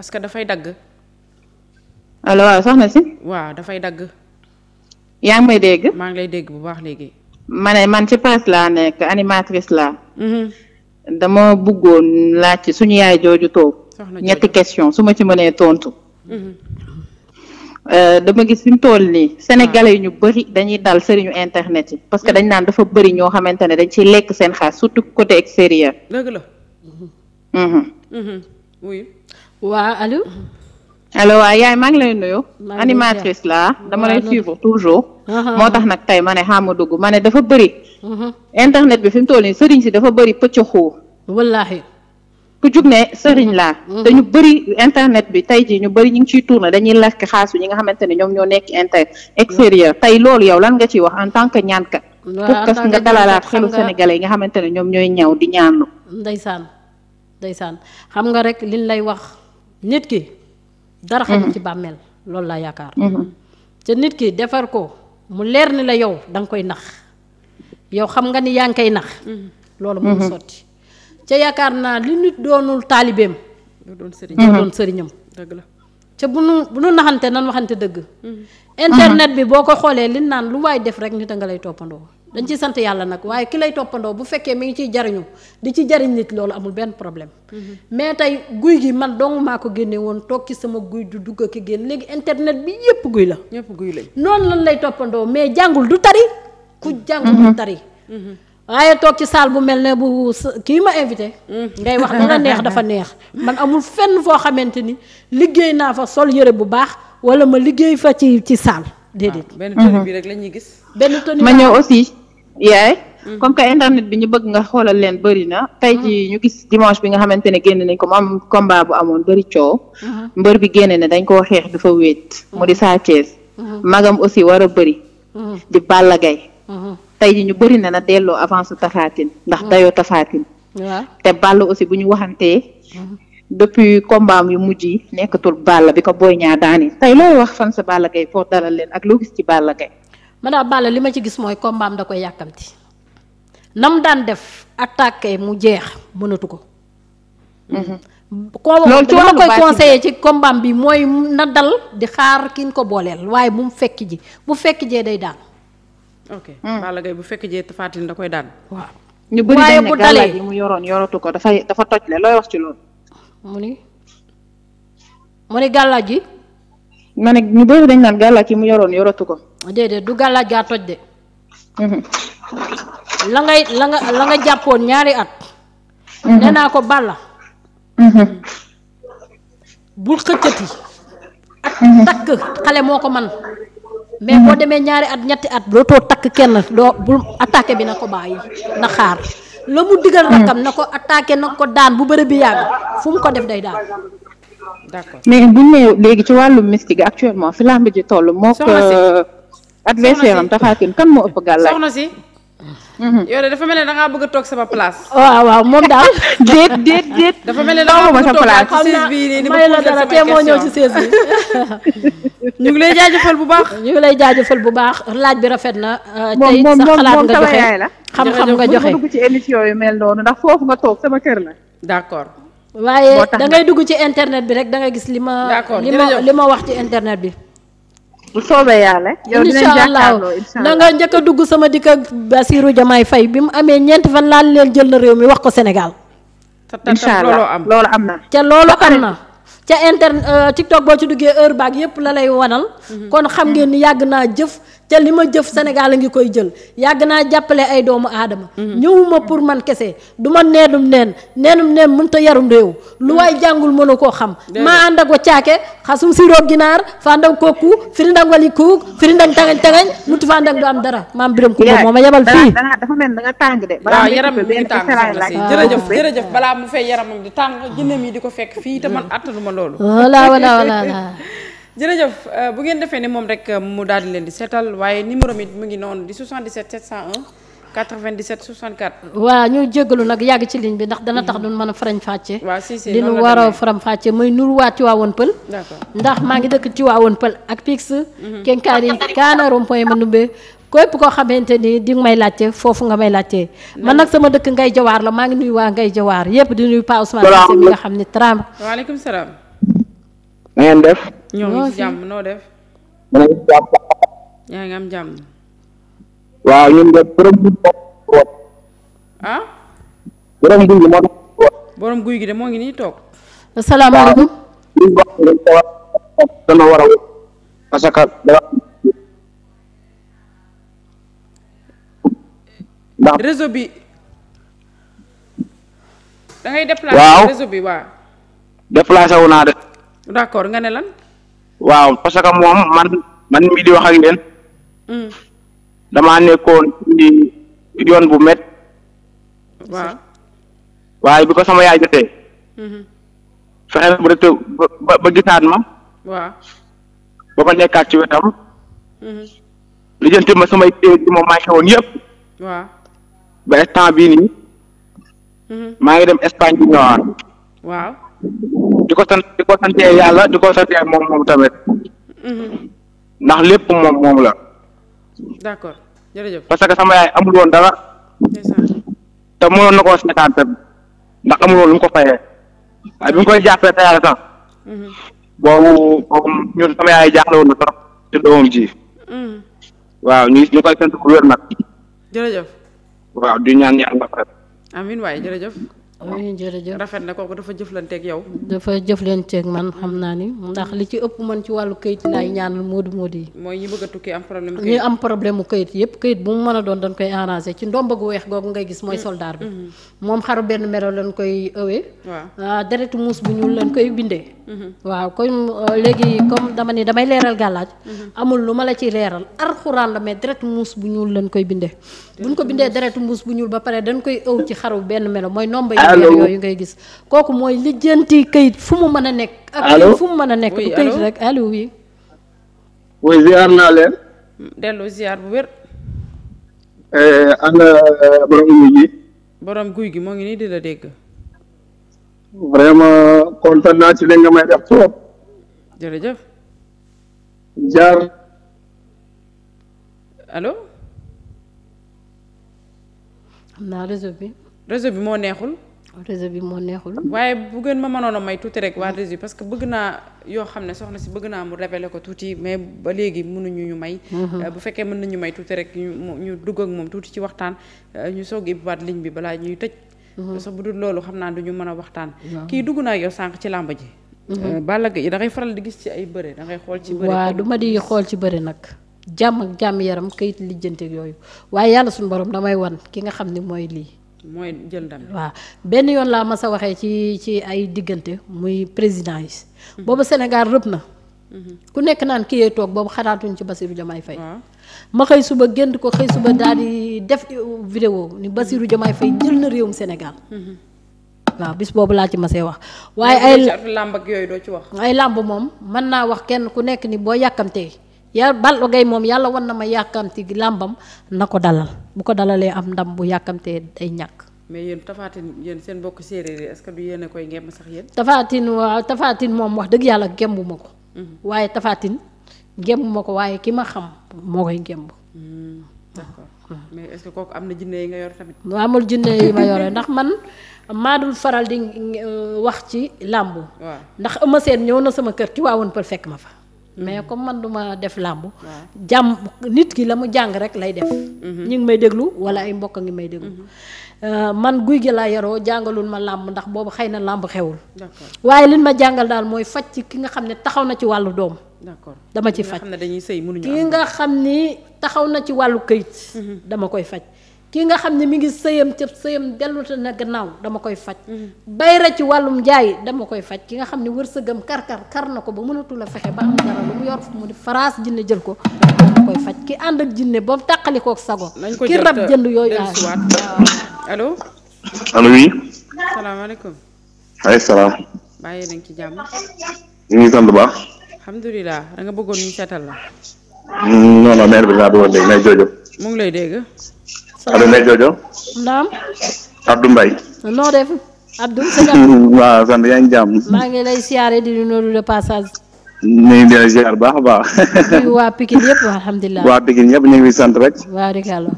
parce que dafay dagg. allo waaw soxna si. waaw dafay dagg. yaa ngi may dégg. maa ngi dégg bu baax léegi. ma ne man ci presse laa nekk animatrice la mm-hmm. dama bëggoon laa ci suñu yaay jooju toog. ñetti question su ma ci mënee tontu. Mm-hmm. Euh, dama gis fi mu toll nii sénégalais yi ñu ah. bëri dañuy dal sëriñu internet yi parce que mm-hmm. dañ naan dafa bëri ñoo xamante ne dañ ci lekk seen xaas surtout côté extérieur. dëgg la. waa allo. allo waaw yaay maa ngi lay nuyu. animatrice laa dama lay suivre toujours. Uh-huh, moo tax uh-huh. nag tey ma ne xaama dugg ma ne dafa bëri. Uh-huh. internet bi fi mu toll nii sëriñ si dafa bëri pëcc xoo. ku jug ne sëriñ laa. te ñu bëri internet bi tey jii ñu bëri ñu ngi ciy tourné dañuy lakk xaasu ñi nga xamante ne ñoom ñoo nekk inter extérieur tey loolu yow lan nga ciy wax en tant que ñaankat. waaw pour nga dalalaat xelu sénégalais yi nga xamante ne ñoom ñooy ñaw di ñaanu. ndeysaan ndeysaan xam nga rek lay wax. nit ki dara xajul mhm. ci bàmmeel loolu laa yaakaar mhm. te nit ki defar ko mu leer ni la yow danga koy nax yow xam nga ni yaa ngi koy nax mhm. loolu moom sotti ca yaakaar naa li nit doonul taalibeem doo doon sëriñam dëgg la ca bu nu bu nu naxante nan waxante dëgg internet bi boo ko xoolee li naan lu waay def rek nit a nga lay toppandoo dañ ci sant yàlla nag waaye ki lay toppandoo bu fekkee mu ngi ciy jariñoo di ci jariñ nit loolu amul benn problème mhm. mais tey guy gi man dong maa ko génne woon toog ci sama guy du dugg ak génn léegi internet bi yépp guy la ñëpp guy noonu lan lay toppandoo mais jàngul du tari ku mhm. jàngul du mhm. tari waaye toog ci saal bu mel ne bu kii ma invité ngay wax dana neex dafa neex man amul fenn foo xamante ni liggéey naa fa sol yére bu baax wala ma liggéey fa ci ci saal ah, d benn tenue bi rek gis benn yaay mm-hmm. comme que internet bi ñu bëgg nga xoolal leen bëri na tey ji mm-hmm. ñu gis dimanche bi nga xamante ne génn nañ ko mu am combat bu amoon bëri coow mm-hmm. mbër bi génne ne dañ koo xeex dafa wéet mu di Sa Thiès magam aussi war a bëri di Balla Gaye tey ji ñu bëri na na delloo avance tafaatin ndax dayoo tafaatin te Balla aussi bu ñu waxantee depuis combat yu mujj yi nekkatul Balla bi ko Boy Niang daani tey looy wax fan sa Balla Gaye pour dalal leen ak loo gis ci Balla Gaye man daal Balla li ma ci gis mooy kombaam da koy yàkkamti nam daan def attaqué mu jeex mënatu ko. koo wax li ma koy conseillé ci kombaam bi mooy na dal di xaar ki ko booleel waaye bu mu fekk ji bu fekk jee day daan. ok Balla bu fekk jee Tapha Tine da koy daan. waaw ñu bëri dañ ne gàllaaj yi mu yoroon yoratu ko dafay dafa toj le looy wax ci loolu. mu ni mu ni gàllaaj yi. ma ne ñu bëri dañ naan gàllaaj yi mu yoroon yoratu ko. déedéet du gàllaaj gaa toj de mhm. la ngay la nga la nga jàppoon ñaari at mhm. nee naa ko bàlla mhm. bul xëccati ak takk xale moo ko man mais boo demee ñaari at ñetti at dootoo takk kenn doo bul attaqué bi na ko bàyyi na xaar la mu digal rakam na ko attaqué na ko daan bu bëri bi yàgg fu mu ko def day daan d'accord mais bu ñu léegi ci wàllu mystique actuellement fi lamb ji moo ko adversaire am Tapha Tine kan moo si mhm. yow de dafa mel ne da ngaa a toog sama place. waaw waaw moom daal déet déet déet. mel ne da ngaa bëgg a toog ma posé sama question moo ñëw ci chaise bu baax. ñu ngi lay jaajëfal bu baax laaj bi rafet na. tey sa xalaat nga joxe xam-xam nga joxe moom dugg ci émission yu mel noonu ndax foofu nga toog sama kër la. d'accord. waaye da ngay dugg ci internet bi rek da ngay gis li ma. li ma li ma wax ci internet bi. bu soobee yàlla. yow dinañ allah na njëkk dugg sama dikk ak Basirou Diomaye Faye bi mu amee ñeenti fan laal leen jël na réew mi wax ko Sénégal. incha allah loolu am na ca loolu am na. ca internet euh, TikTok boo ci duggee heure baag yépp la lay wanal. Mhm. kon xam ngeen ni yàgg naa jëf. ca li ma jëf senegal a ngi koy jël yàgg naa jàppale ay doomu aadama mm-hmm. ñëwuma pour man kese du ma neenum neen neenum neen mënut a yarum réew lu waay jàngul mënu koo xam maa ànd ak wa caake si siroo ginaar fandang kooku firindang wali kuuk firindang tangañ tangañ mutu fandang du am dara maam biram ko moom a yebal fii dafa mel da nga tàng de waaw yaram bi muy tàng jërëjëf jërëjëf balaa mu yaram yaramam di tàng jënam yi di ko fekk fii te man mm-hmm. attanu ma loolu wala oh, wala wala jërëjëf euh, bu ngeen defee ne moom rek euh, mu daal di leen di seetal waaye numéro mi mu ngi noonu di 77 701. 97 64. waaw ñu jégalu nag yàgg ci ligne bi ndax dana mm-hmm. tax duñ mën a faram fàcce. waaw si si noonu la war a faram fàcce muy nur waa Tiwaawoon Pël. ndax maa ngi dëkk Tiwaawoon Pël ak Pix. Mm-hmm. kenkaar yi kaana rond-point ma nubbee képp koo xamante ni di nga may laajte foofu nga may laajte. man nag sama dëkk Ngay Jawaar la maa ngi nuy waa Ngay Jawaar yépp di nuyu Pa Ousmane. mi nga xam ne tram. waaleykum salaam. ma ngeen def. ñoo jàmm noo def. mën jàmm. ngi am jàmm. waaw ñun de borom guy gi ah? de moo ngi nii toog. asalaamaaleykum. a parce que ndax réseau bi. da ngay waaw. déplacé wu naa de. d'accord nga ne lan. waaw parce que moom man man di wax ak leen mm. damaa nekkoon ci yoon bu met waaw waaye bi ko sama yaay jotee. fexe bu rek ba gisaat ma. waaw ba ma nekkaat ci wetam. Mm-hmm. lijjanti ma samay téere ji ma manqué woon yëpp. waaw ba instant bii nii. Mm-hmm. maa ngi dem Espagne bi waaw. di ko sant di ko santee yàlla di ko santee moom moom tamit mm-hmm. ndax lépp moom moom la jërëjëf parce que sama yaay amul woon dara te mënoon na koo seetaan ndax amul lu mu ko fayee waaye bi mu koy jàppee te yàlla sax mm-hmm. boobu boobu ñun sama yaay jaaxle woon na trop ci doomam ji mm-hmm. waaw ñu ñu koy sant bu wér nag jërëjëf waaw di ñaan yàlla amin waaye jërëjëf amiin jërëjëf rafet na kooku dafa jëflanteeg yow. dafa jëflanteeg man xam naa ni ndax li ci ëpp man ci wàllu kayit laay ñaan moodu moodu yi. mooy ñi bëgg a tukki am problème kayit ñi mu kayit yëpp kayit bu mu mën a doon dañ koy arrangé ci ndomba gu weex googu ngay gis mooy mm. soldaar bi. Mm-hmm. moom xaru benn melo lañ koy ëwee. waaw ah, deretu muus bu ñuul lañ koy bindee. Mm-hmm. waaw comme euh, léegi comme dama ni damay leeral gàllaaj. Mm-hmm. amul lu ma la ci leeral arxuraan la mais deretu muus bu ñuul lañ koy bindee. buñ ko bindee deretu muus bu ñuul ba pare dañ koy ëw ci xaru benn melo mooy ndomba allo yooyu ngay gis kooku mooy lijjanti kayit fu mu mën a nekk. allo ak fu mu mën a nekk du kayit rek allo oui. oui ziar naa leen. dellu ziar bu wér. Eh, ana eh, borom guy gi. moo ngi nii di la dégg. vraiment kontaan naa ci li nga may def trop. jërëjëf. xam naa réseau bi. réseau bi moo neexul. réseau bi moo neexul. waaye bu gën ma mënoon a may tuuti rek waa réseau parce que bëgg naa yoo xam ne soxna si bëgg naa mu révéler ko tuuti mais ba léegi mënuñu ñu may. Mhm. Euh, bu fekkee mën nañu may tuuti rek ñu ñu dugg moom tuuti ci waxtaan euh, ñu soog a ibbaat ligne bi balaa ñuy tëj. Mhm. parce que bu dul loolu xam naa du ñu mën a waxtaan. kii dugg naa yow sànq ci làmb ji. Mhm. Euh, Balla Gaye da faral di gis ci ay bëre da ngay xool ci. bëre ma di xool ci bëre nag. jàmm ak jàmm yaram kayit lijjante yooyu waaye yàlla suñu borom damay wan ki nga xam ne mooy lii mooy jël ndam benn yoon laa mas a waxee ci ci ay diggante muy président yi. Mhm. boobu Sénégal rëb na. Mhm. ku nekk naan kii toog boobu xalaatuñ ci Bassirou Diomaye Faye. ma xëy suba gént ko xëy suba daal di def vidéo ni Bassirou Diomaye Faye jël na réewum Sénégal. Mhm. waaw bis boobu laa ci masee wax. waaye ay làmb yooyu doo ci wax. ay làmb moom mën naa wax kenn ku nekk ni boo yàkkamtee. ya Balla Gaye moom yàlla wan na ma yàkkamti làmbam na ko dalal bu ko dalalee am ndam bu yàkkamtee day ñàkk. mais yéen tafaatin yéen seen bokk séeréer yi est que du yéen a koy ngemb sax yéen. tafaatin waaw tafaatin moom wax dëgg yàlla gembu ma ko. Mhm. waaye tafaatin gembu ko waaye ki ma xam moo koy gemb. Hmm, d'accord hmm. Hmm. mais est kooku am na jinne yi nga yor tamit. mu amul jinne yi ma yore ndax man maa dul faral di euh, wax ci làmbu. waaw ndax Eumeu seen ñëw na sama kër ci waawoon pour fekk ma fa. mais mhm. comme man duma def làmb jàmm nit ki la mu jàng rek lay def mhm. ñi ngi may déglu wala ay mbokk a ngi may déglu mhm. euh, man guy gi laa yaroo jàngalul ma làmb ndax boobu xëy na làmb xewul waaye li ma jàngal daal mooy faj ci ki nga xam ne taxaw na ci wàllu doom dama ci faj ki nga xam ni taxaw na ci wàllu këyit dama koy faj ki nga xam ne mi ngi sëyam ca sëyam delluta na gannaaw dama koy faj mm. bayra ci wàllum njaay dama koy faj ki nga xam ne wërsëgam kar-kar kar na ko ba mënatul a fexe ba am dara lu mu yor mu di faraas jinne jël ko koy faj ki ànd ak jinne ba mu tàqalikook sago ki rab jënd yooyu daal allo allo oui salaamaaleykum ay salaam bàyyi nañ ci jàmm ngi sant bu baax alhamdulilah da nga bëggoon ñu la mm, non non mère bi laa bëggoon dégg mu ngi lay dégg allo Ndeye Jojo. Naam. Abdou Mbaye. noo def Abdou. waaw sant yaa ngi jàmm. maa ngi lay siyaare di nuyu de passage. ñu ngi leen baax baax. waa Pikine yëpp alhamdulilah. waa Pikine yëpp ñu ngi sant rek. waaw rek alors.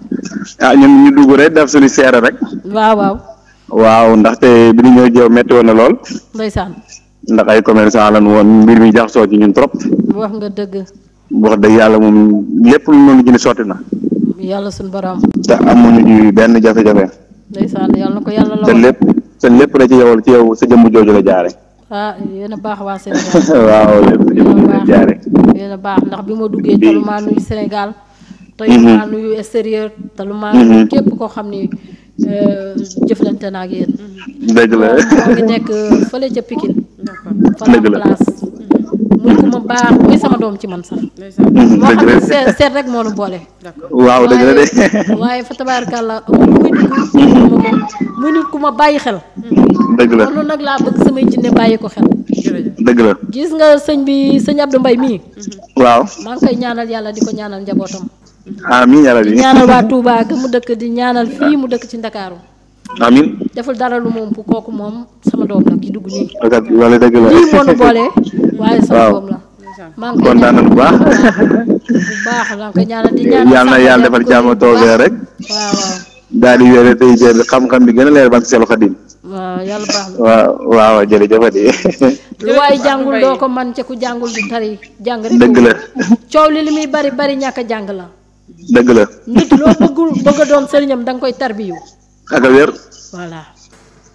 ah ñun rek def suñu seere rek. waaw waaw. ndaxte bi ñu ñëw jëw métti woon na lool. ndeysaan. ndax ay commerçant lan woon mbir mi jaxasoo ci ñun trop. wax nga dëgg. wax dëgg yàlla moom lépp lu ñu mën a sotti na. yàlla suñu borom. te amuñu benn jafe-jafe. yàlla na ko yàlla la te lépp te lépp la ci yow ci yow sa jëmm jooju la jaare ah yéen a baax a baax ndax bi ma duggee talu maa nuyu Sénégal. tey maa mhm. nuyu extérieur talu maa mhm. nuyu képp koo xam ni euh, jëflante na ak yéen. dëgg la maa ngi nekk fële ca Pikine. dëgg la muy ku ma baax muy sama doom ci man sax. moo xam ne seet seet rek moo nu boole. waaw dëgg waaye fa tabaarkàlla muy ku ma bàyyi xel. dëgg la noonu nag laa bëgg samay jinne bàyyi ko xel. dëgg la gis nga sëñ bi sëñ Abdou Mbaye mii. Mm-hmm. waaw maa ngi koy ñaanal yàlla di ko ñaanal njabootam. amiin yàlla ñaanal waa Touba ak mu dëkk di ñaanal fii mu dëkk ci Ndakaaru. amin deful dara lu moom kooku moom sama doom la ki dugg nii. wala dëgg la lii moo nu boole. waaye sama doom la. maa ngi bu baax. bu baax la nga ñaanal di ñaanal yàlla na yàlla defal jàmm toogee rek. daal di wéere tey jël xam-xam bi gën a leer ba ci Xaadim. waaw yàlla baax na waaw waaw jërëjëf Adi. lu waaye jàngul doo ko man ca ku jàngul du tari jàng rek. dëgg la coow li li muy bari bari ñàkk a jàng la. dëgg la. nit loo bëggul bëgg a doon sëriñam da nga koy tarbiyu. ak a wér. voilà.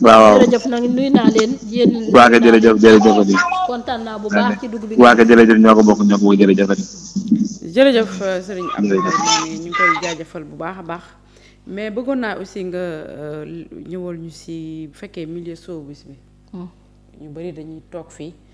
waaw waaw jërëjëf nag nuyu naa leen. yéen waa ka jërëjëf jërëjëf Adi. kontaan naa bu baax ci dugg bi. waa ka jërëjëf ñoo ko bokk ñoo ko bokk jërëjëf jërëjëf euh, sëriñ Abdou ñu koy jaajëfal bu baax a baax. mais bëggoon naa aussi nga euh, ñëwal ñu si bu fekkee milieu showbiz bi. Hmm. ñu bëri dañuy toog fii.